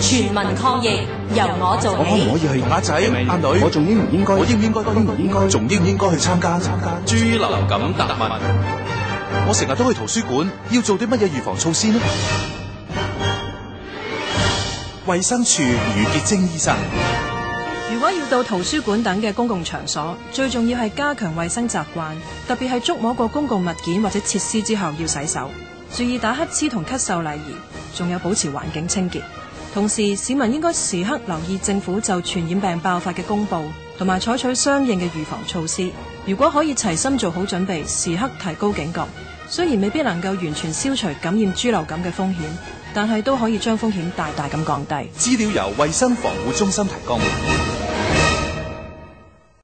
全民抗疫，由我做。我可唔可以去？阿仔、阿女，我仲應唔應該？我應唔應該？應唔應該。仲應唔應該去參加？參加豬加珠流感答問。我成日都去圖書館，要做啲乜嘢預防措施呢？衛 生處余潔精醫生，如果要到圖書館等嘅公共場所，最重要係加強衛生習慣，特別係觸摸過公共物件或者設施之後要洗手，注意打乞嗤同咳嗽禮儀，仲有保持環境清潔。同時，市民應該時刻留意政府就傳染病爆發嘅公佈，同埋採取相應嘅預防措施。如果可以齊心做好準備，時刻提高警覺，雖然未必能夠完全消除感染豬流感嘅風險，但係都可以將風險大大咁降低。資料由衛生防護中心提供。